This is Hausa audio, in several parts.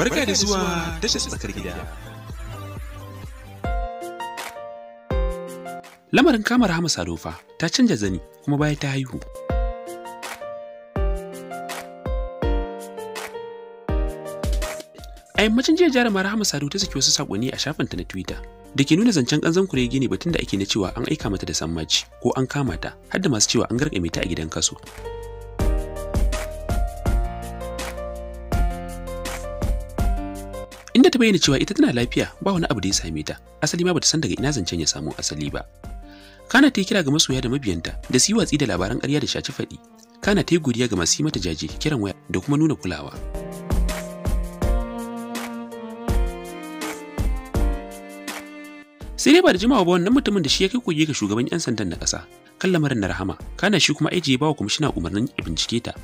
Barka da zuwa tashar tsakar gida. Lamarin kamar Hamas, Sadofa ta canja zani kuma bayan ta haihu. A yammacin jiya jarumar Hamas Sado ta saki wasu saƙonni a shafinta na Twitter da ke nuna zancen ƙanzon kure gini batun da ake na cewa an aika mata da sammaci ko an kama ta har da masu cewa an garkame ta a gidan kaso. inda ta bayyana cewa ita tana lafiya ba wani abu da ya same ta asali ma bata san daga ina zancen ya samu asali ba kana ta yi kira ga masoya da mabiyanta da su yi watsi da labaran ƙarya da shaci faɗi kana ta yi godiya ga masu yi mata jaje kiran waya da kuma nuna kulawa sai dai ba da jimawa ba wannan mutumin da shi ya kai koge ga shugaban 'yan sandan na ƙasa kan lamarin na rahama kana shi kuma aiji ya bawa kwamishina umarnin ya bincike ta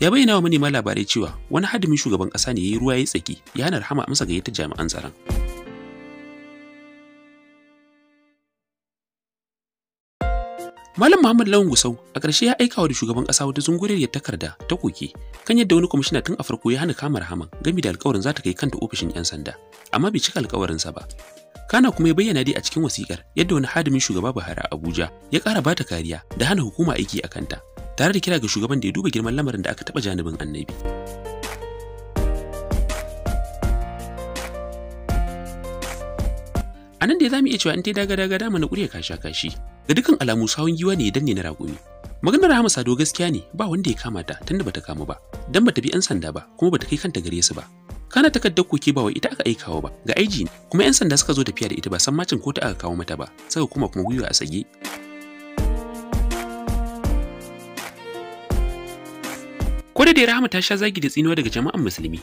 ya bayyana wa manema labarai cewa wani hadimin shugaban ƙasa ne ya yi ruwa ya tsaki ya hana rahama amsa ta jami'an tsaron Malam Muhammad Lawan Gusau a ƙarshe ya aikawa da shugaban ƙasa wata zunguriyar takarda ta koke kan yadda wani kwamishina tun a farko ya hana kamar haman gami da alƙawarin za ta kai kanta ofishin 'yan sanda, amma bai cika alƙawarinsa ba. Kana kuma ya bayyana dai a cikin wasikar yadda wani hadimin shugaba Buhari a Abuja ya ƙara bata kariya da hana hukuma aiki a kanta tare da kira ga shugaban da ya duba girman lamarin da aka taɓa janibin annabi. A nan da za mu iya cewa in ta daga daga dama na ƙurya kasha kashi. Ga dukkan alamu sawun giwa ne ne na raƙumi. Maganar Rahama Sado gaskiya ne ba wanda ya kama ta tunda bata kamu ba, dan bata bi 'yan sanda ba kuma bata kai kanta gare su ba. Kana takardar koke ba wai ita aka aikawa ba, ga aiji ne, kuma 'yan sanda suka zo tafiya da ita ba san macin ko ta aka kawo mata ba, saka kuma kuma gwiwa a tsage. da Rahama ta sha zagi da tsinuwa daga jama'an musulmi.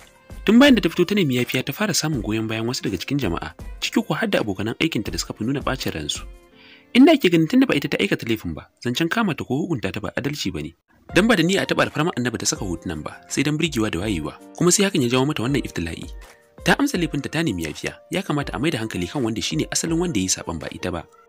Tun bayan da ta fito ta nemi yafiya ta fara samun goyon bayan wasu daga cikin jama'a, ciki ko har da abokan aikinta da suka fi nuna bacin ransu. Inda ake ganin tunda ba ita ta aikata laifin ba, zancen kama ta ko hukunta ta ba adalci bane. Dan ba da niyya taɓa alfarma annabi ta saka hotunan ba, sai dan birgewa da wayewa, kuma sai hakan ya jawo mata wannan iftila'i. Ta amsa laifinta ta nemi yafiya, ya kamata a mai da hankali kan wanda shine asalin wanda ya yi saban ba ita ba.